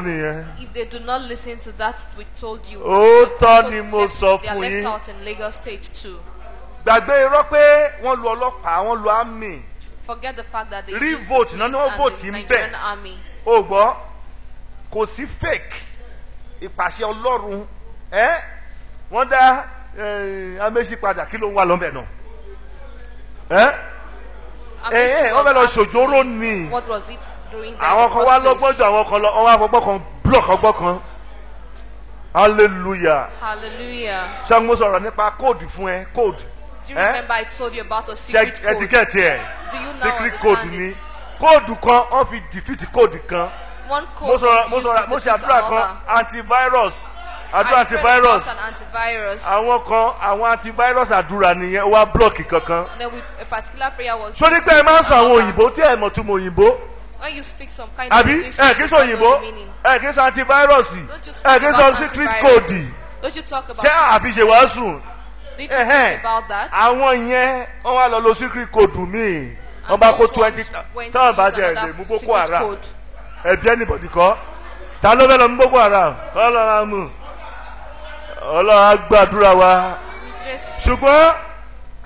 nìyẹn. if they do not listen to that we told you. òótọ́ ni mo sọ fún yín. they are left out in Lagos State too. gbàgbé irọ́ pé wọ́n lu ọlọ́pàá wọ́n lu army. forget the fact that they use the police and the Nigerian army. o gbọ́ kò sí fake ìpàṣẹ ọlọ́run ẹ́ wọ́n dá eh, amẹ́sí padà kí ló ń wà lọ́bẹ̀ náà. ẹ́ ẹ́ wọ́n fẹ́ lọ ṣòjóró ni. what was it àwọn kan wá lọ́gbọ́jọ àwọn kan lọ wọ́n wá fọgbọ́ kan block ọgbọ́ kan hallelujah. hallelujah. ṣé mo sọ̀rọ̀ nípa code fún ẹ code. do you eh? remember I told you about a secret Check, code. etiquette do you now secret code ni kóòdù kan wọ́n fi defeat code kan. one code is used to defeat another. mo ṣe àdúrà kan antivirus àdúrà antivirus àwọn kan àwọn antivirus àdúrà nìyẹn wá blọọkì kankan. and then we, a particular prayer was. sọ ní pé ẹ máa ń sọ àwọn òyìnbó tí ẹ mọ̀ tún mọ̀ òyìnbó when you speak some kind of English, ẹ kí sọ òyìnbó ẹ kí sọ antivirọ́ọ̀sì ẹ kí sọ secret code ṣé àfihàn wàásù àwọn yẹn wọ́n wá lọ lo secret code mi wọ́n bá kó twenty tọ́wọ́n bá jẹ ẹ̀dẹ̀ mú boko haram ẹ̀bí ẹnìbọ̀dì kọ́ ta ló fẹ́ lọ mú boko haram ọlọ́run amú ọlọ́run agbàdúrà wa ṣùgbọ́n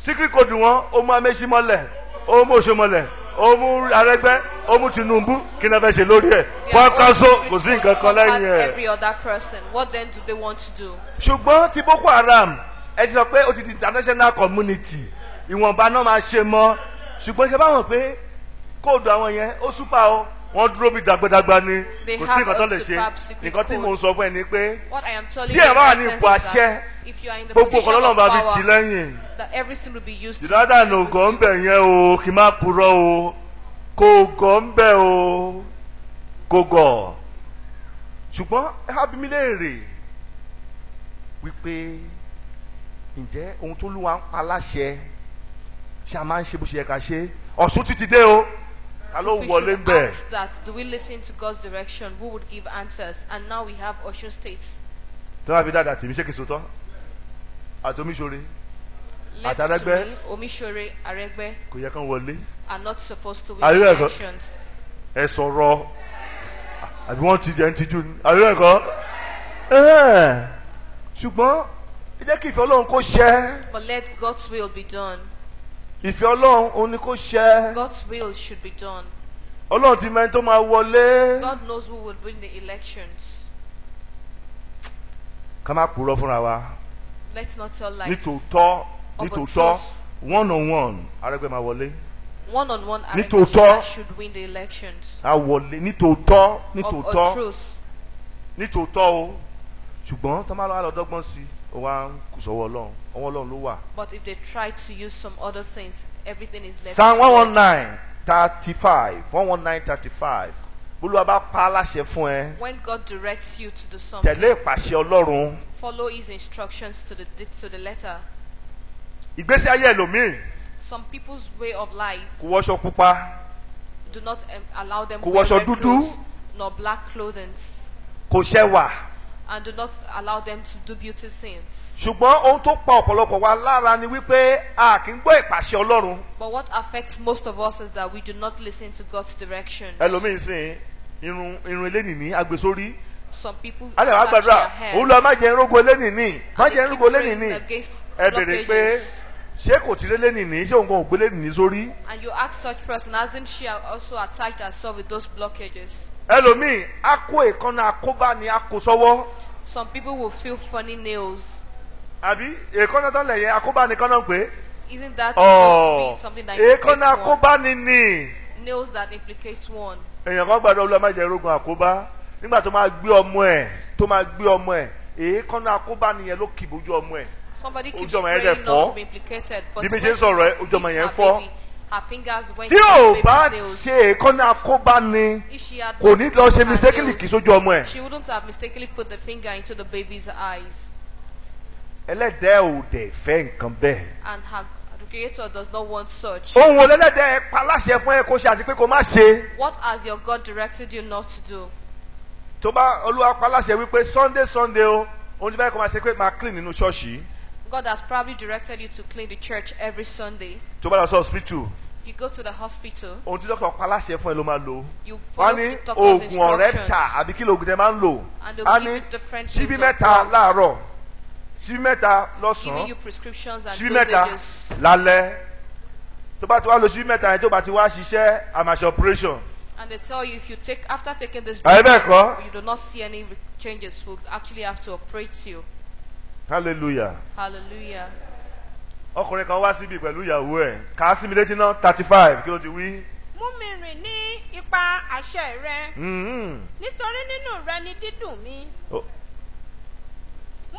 secret code wọn ó mú amẹ́sí mọ́lẹ̀ ó mú òṣè mọ́lẹ̀ ó mú Arẹ́gbẹ́ Tinubu kí ni a fẹ́ ṣe lórí ẹ̀ wọ́n kò sí nǹkan kan lẹ́yìn ẹ̀. every other person what then do they want to do. ṣùgbọ́n ti Boko Haram ẹ ti sọ pé ó ti di international community ìwọ̀nba náà máa ṣe mọ́ ṣùgbọ́n ṣe báwọn pé kóòdù àwọn yẹn ó súpà o wọ́n dúró bí dàgbàdàgbà ni kò sí nǹkan tó lè ṣe nǹkan tí mò ń sọ fún ẹ ni pé tí ẹ bá wà ní ipò àṣẹ gbogbo ọ̀kan lọ́nà bá fi tì lẹ́yìn that everything will be used. Jonathan ò gọ́ ń bẹ̀ yẹn o kì í má purọ́ o kò gọ́ ń bẹ̀ o kò gọ̀ ṣùgbọ́n ábímí léèrè wípé ǹjẹ́ ohun tó lúwa ń pa láṣẹ ṣe a máa ń ṣe bó ṣe yẹ ká ṣe ọ̀ṣun ti ti dé o ta ló wọlé bẹ̀. If we should ask that do we listen to God's direction who would give answers and now we have Osun State. tí wọ́n á fi dáadáa tèmi ṣé kìí sòtọ́ àtòmíṣore left to me Omisore Aregbe kò yẹ kán wọlé are not supposed to win elections. ẹ sọ̀rọ̀ àbí wọ́n ti jẹ́ ń tijú ni àbí bẹ́ẹ̀ kọ́ ṣùgbọ́n ẹ jẹ́ kí ìfẹ́ Ọlọ́run kó ṣẹ. but let God's will be done. ìfẹ́ Ọlọ́run òun ni kó ṣẹ. God's will should be done. Ọlọ́run ti mẹ́ni tó máa wọlé. God knows who will win the elections. ká má purọ́ fúnra wa. let's not tell lies. nítòótọ́ nítòótọ́ one on one Arẹ́gbẹ́ máa wọlé. one on one Arẹ́gbẹ́ṣọlá should win the elections. a wọlé nítòótọ́ nítòótọ́ nítòótọ́ o ṣùgbọ́n tá a máa lọ àlọ́dọ́gbọ́n sí i wá kù sọ́wọ́ ọlọ́run ọwọ́ ọlọ́run ló wà. but if they try to use some other things everything is left. psalm one one nine thirty five one one nine thirty five olúwa bá pa á láṣẹ fún ẹ. when God directs you to do something. tẹ̀lé ìpàṣẹ ọlọ́run. follow his instructions to the to the letter ìgbésí ayé ẹlòmíì. some people's way of life. kò wọṣọ pupa. do not um, allow them. kò wọṣọ clothes, nor black clothing. kò ṣẹwà. and do not allow them to do beauty things. ṣùgbọ́n ohun tó pa ọ̀pọ̀lọpọ̀ wa lára ni wípé a kì í gbọ́ ìpàṣẹ Ọlọ́run. but what affects most of us is that we do not listen to God's directions. ẹlòmíì sìn irun irun eléyìí agbésórí some people attach their hair. Olúwa má jẹ́ irúgbó lẹ́nìí ní má jẹ́ irúgbó lẹ́nìí ní ẹ bèrè pé ṣé kò ti rélé nìní ṣé òun kò gbélé nìní sórí. and you ask such person hasn't she also attacked herself with those blockages. ẹlòmíì a kó èékánná akóbá ni a kó sọ́wọ́. some people will feel funny nails. àbí èékánná tán lẹ̀ yẹ akóbá ni kánná pé. isn't that oh, supposed to be something that implicates one. èékánná akóbá ni ni. nails that implicate one. èèyàn kan gbàdúrà olúwa má jẹ́ irógun àkóbá nígbà tó máa gbé ọmọ ẹ̀ tó máa gbé ọmọ ẹ̀ èékánná akóbá nìyẹn ló kì bójú ọmọ ẹ̀. ojú ọmọ yẹn dẹ̀ fọ́ bí mi ṣe ń sọ̀rọ̀ ẹ Her fingers went fọ́ tí ò bá ṣe èkánná akóbá ni kò ní lọ ṣe mistakenly kì í sójú ọmọ ẹ. she wouldn't have mistakenly put the finger into the baby's eyes. ẹlẹ́dẹ̀ ò dẹ̀ fẹ́ nǹkan bẹ́ẹ̀. and her creator does not want such. ohun olẹ́lẹ́dẹ̀ paláṣẹ fún ẹ kó ṣe àti pé kó má ṣe. what has your God directed you not to do? tó bá olúwa paláṣẹ wípé sunday sunday o òun ti báyìí kó máa ṣe pé máa clean nínú ṣọ́ọ̀ṣì. God has probably directed you to clean the church every Sunday. tó bá lọ sí hospital. you go to the hospital. ohun tí dókítà pa aláṣẹ fún ẹ ló máa you follow the doctor's instructions. wọ́n ní oògùn ọ̀rẹ́ tà àbí kí lóògùn tẹ máa ń and they give you different drugs. síbí mẹ́ta láàárọ̀ síbí mẹ́ta giving you prescriptions and dosages. lálẹ́ tó bá ti wá lo síbí mẹ́ta yẹn tó bá ti wá ṣiṣẹ́ àmàṣe operation. And they tell you if you take after taking this drug, you do not see any changes, we'll actually have to operate you. hallelujah. hallelujah. ọkùnrin kan wá síbi pẹ̀lú ìyàwó ẹ̀ kà á létí náà thirty five kí ló ti wí. mú mi rìn ní ipa àṣẹ rẹ mm-hmm. nítorí nínú rẹ ni dídùn mi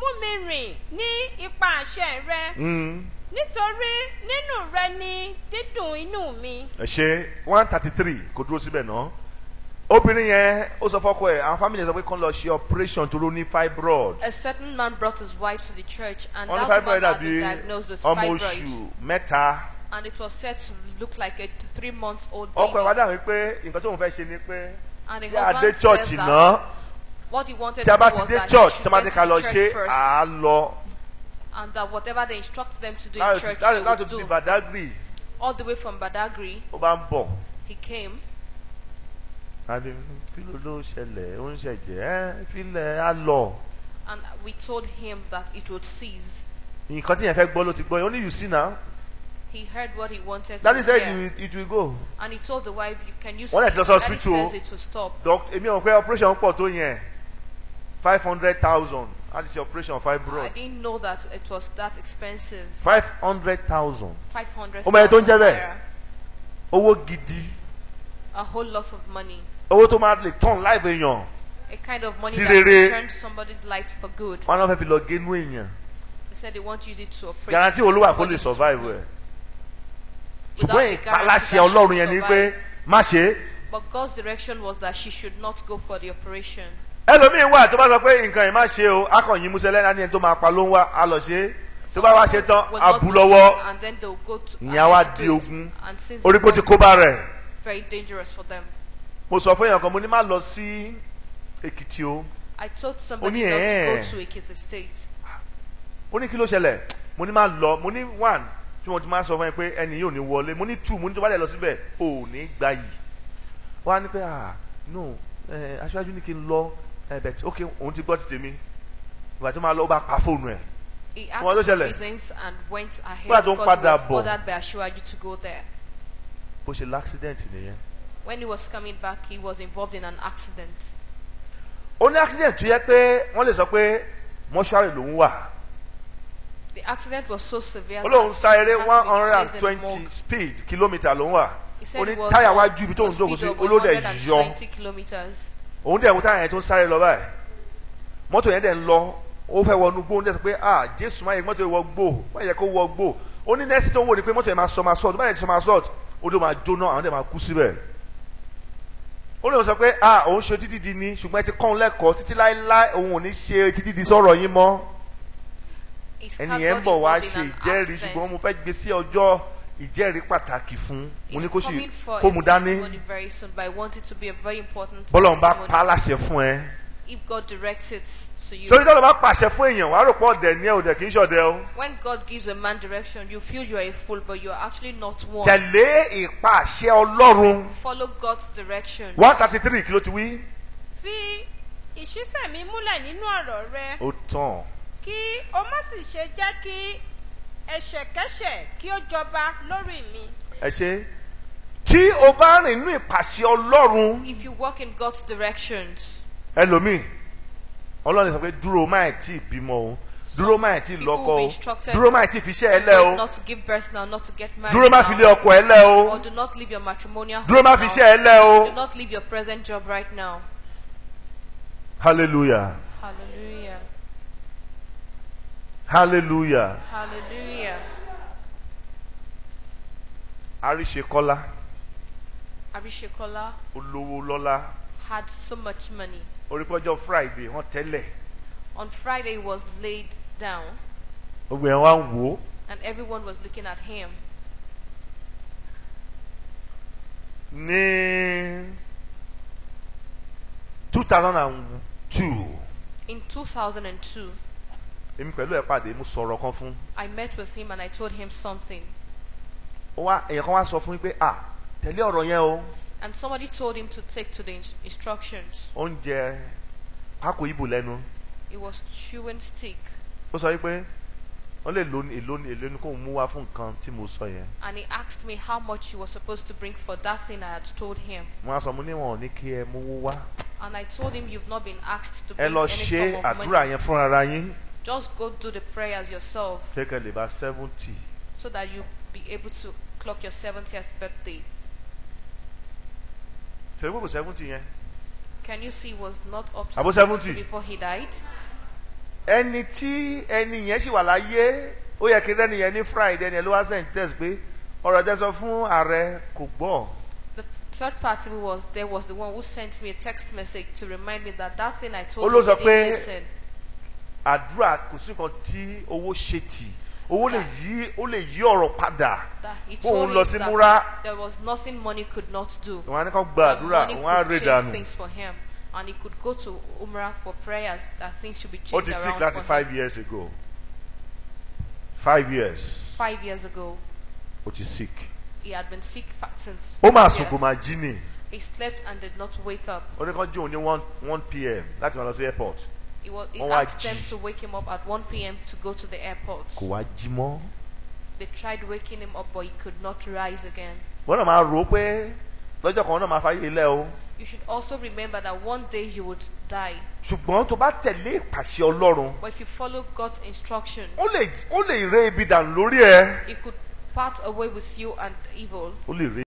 mú mi rìn ní ipa àṣẹ rẹ mm-hmm. nítorí nínú rẹ ni dídùn inú mi. ẹ ṣe one thirty three kò dúró síbẹ̀ náà obìnrin yẹn ó sọ fọkọ ẹ àwọn family sọ pé kàn lọ ṣe operation to ló ní fibroid. a certain man brought his wife to the church and that woman had been diagnosed with fibroid. ọmọ oṣù mẹ́ta. and it was said to look like a three month old baby. ọkọ ìwádà mi pé nǹkan tóun fẹ́ ṣe ni pé. and the husband said that. Náà, what he wanted to do was that church, he should get to the church first. and that whatever they instruct them to do in church he would do. all the way from Badagry. ó bá ń bọ̀. he came àbí kí ló ṣẹlẹ̀ ó ń ṣẹ̀jẹ̀ ẹ́ filẹ̀ á lọ. and we told him that it would cease. nǹkan tí yẹn fẹ́ gbọ́ ló ti gbọ́ only you see now. He heard what he wanted Daddy to hear. Daddy said it will go. And he told the wife, "Can you see?" Daddy says it will stop. Doctor, èmi ò pé operation pọ̀ tó yẹn five hundred thousand that is your operation five bro. I didn't know that it was that expensive. five hundred thousand. five hundred thousand naira. ọmọ yẹn tó ń jẹ́ bẹ́ẹ̀ owó gidi. a whole lot of money owó tó máa lè turn life èèyàn. a kind of money that can somebody's life for good. wọn náà fẹ́ fi lọ gẹ́nu èèyàn. they said they won't use it to operate. guarantee olúwa kò lè survive ẹ̀. ṣùgbọ́n ìpaláṣẹ ọlọ́run yẹn ni pé má ṣe. but God's direction was that she should not go for the operation. ẹlòmíín wà tó bá sọ pé nǹkan yìí má ṣe o akọ̀yìn musa lẹ́nu àti ẹni tó máa pa ló ń wá a lọ ṣe é tó bá wá ṣe tán abu lọ́wọ́ ìyẹn wá di ogun orí kó ti kó bá rẹ̀. very dangerous for them mo sọ fún èèyàn kan mo ní má lọ sí Èkìtì o. I told somebody not to go eh. to Ekiti state. ó ní kí ló ṣẹlẹ̀ mo ní má lọ mo ní one tí wọ́n ti máa sọ fún ẹ pé ẹni yóò ní wọlé mo ní two mo ní tó bá lè lọ síbẹ̀ ò ní gbà yìí wọ́n ní pé ah no aṣáájú ní kí n lọ ẹbẹ̀ tí ok òun ti gbọ́ ti tèmi ìgbà tí ó máa lọ ó bá pa fóònù ẹ̀. He asked for reasons and went ahead because he was ordered by aṣáájú to go there. bó ṣe l'accident nìyẹn when he was coming back he was involved in an accident. ó ní accident tó yẹ pé wọ́n lè sọ pé mọ́ṣúárì lòún wà. the accident was so severe. ó lóun sá eré one hundred and twenty speed kilometre lòún wà. ó ní táyà wá ju ibi tóun jókòó sí olóde yọ òun dẹ̀ wo táyà yẹn tó ń sáré lọ báyìí mọ́tò yẹn dẹ̀ ń lọ ó fẹ́ wọnú gbó ó ń dẹ̀ sọ pé ah jésù máa yẹ mọ́tò yẹn wọ gbó wọ́n yẹ kó wọ gbó ó ní nẹ́ẹ̀sì tó ń wò ni pé mọ́tò yẹn máa sọ máa sọ́ọ̀tù báyìí sọ máa sọ́ọ̀tù ó ló máa jóná àwọn dẹ̀ máa kú síbẹ̀ ó lóun sọ pé ah òun ṣe títí di ni ṣùgbọ́n ẹ ti kọ́ òun lẹ́kọ̀ọ́ títí láéláé òun ò ní ṣe títí di sọ̀rọ̀ yín mọ́ ẹnìyẹn ń bọ̀ wá ṣe ìjẹ́rìí ṣùgbọ́n mo fẹ́ gbé sí ọjọ́ ìjẹ́rìí pàtàkì fún mo ní kó sì kó mu dání bọ́lọ̀ ń bá pa láṣẹ fún ẹ if God directs it to you. torí tọ́lọ́ bá pàṣẹ fún èèyàn wàá rò pọ̀ ọ̀dẹ̀ ní ẹ̀ ọ̀dẹ̀ kì í ṣọ̀dẹ̀ o. when God gives a man direction you feel you are a fool but you are actually not one. tẹ̀lé ìpàṣẹ Ọlọ́run. follow God's direction. one thirty three kí ló ti wí. fi ìṣísẹ̀ mi múlẹ̀ nínú ọ̀rọ̀ rẹ. ó tàn. kí o má sì ṣe jẹ́ kí ẹ̀ṣẹ̀kẹ́ṣẹ̀ kí ó jọba lórí mi. ẹ ṣe tí o bá rìn nínú ìpàṣẹ Ọlọ́run. if you walk in God's directions ẹlòmíì ọlọ́run sọ pé dúró máì tí bímọ o dúró máì tí lọ́kọ o dúró máì tí fiṣẹ́ ẹ lẹ́ o dúró máì fi lé ọkọ ẹ lẹ́ o dúró máì fiṣẹ́ ẹ o hallelujah. hallelujah. Hallelujah. Hallelujah. Àríṣekọ́lá. Àríṣekọ́lá. Olówó had so much money. Orípọ́jọ́ Friday wọ́n tẹ́lẹ̀. On Friday he was laid down. Gbogbo yẹn ń wò And everyone was looking at him. Ní two thousand and two. In two thousand and two. Èmi pẹ̀lú ẹ̀ pàdé mo sọ̀rọ̀ kan fún. I met with him and I told him something. wá èèyàn kan wá sọ fún mi pé à tẹ̀lé ọ̀rọ̀ yẹn o. And somebody told him to take to the instructions. Oúnjẹ pákó ìbò lẹ́nu. He was chewing stick. Ó sọ wípé wọ́n lè lo èlò èlò fún nǹkan tí And he asked me how much he was supposed to bring for that thing I had told him. Wọ́n á sọ mo níwọ̀n ní And I told him you've not been asked to bring any form of money. Ẹ àdúrà yẹn fúnra Just go do the prayers yourself. Take a seventy. So that you be able to clock your seventieth birthday. ṣe gbogbo seventy yẹn. can you see was not up to seventy before he died. ẹni tí ẹni yẹn ṣì wà láyé ó yẹ kí ẹni yẹn ní friday ẹni yẹn ló wá pé ọ̀rọ̀ tẹ́ sọ fún ààrẹ kò gbọ́. the third party was there was the one who sent me a text message to remind me that that thing I told you didn't listen. ó pé àdúrà kò sí kan tí owó ṣe tì. owó lè yí ó lè yí ọ̀rọ̀ padà òun lọ sí múra. there was nothing money could not do. wọ́n á ní kó gba wọ́n á rè dànù. things for him and he could go to umrah for prayers that things should be changed around. sick láti five years ago five years. five years ago. What is sick. he had been sick since. ó máa jí ni. he slept and did not wake up. ó ní kó jí òun ní one one pm láti máa lọ sí airport. He, was, he asked them to wake him up at 1 p.m. to go to the airport. Kò They tried waking him up but he could not rise again. You should also remember that one day you would die. But if you follow God's instruction. Ó He could part away with you and evil.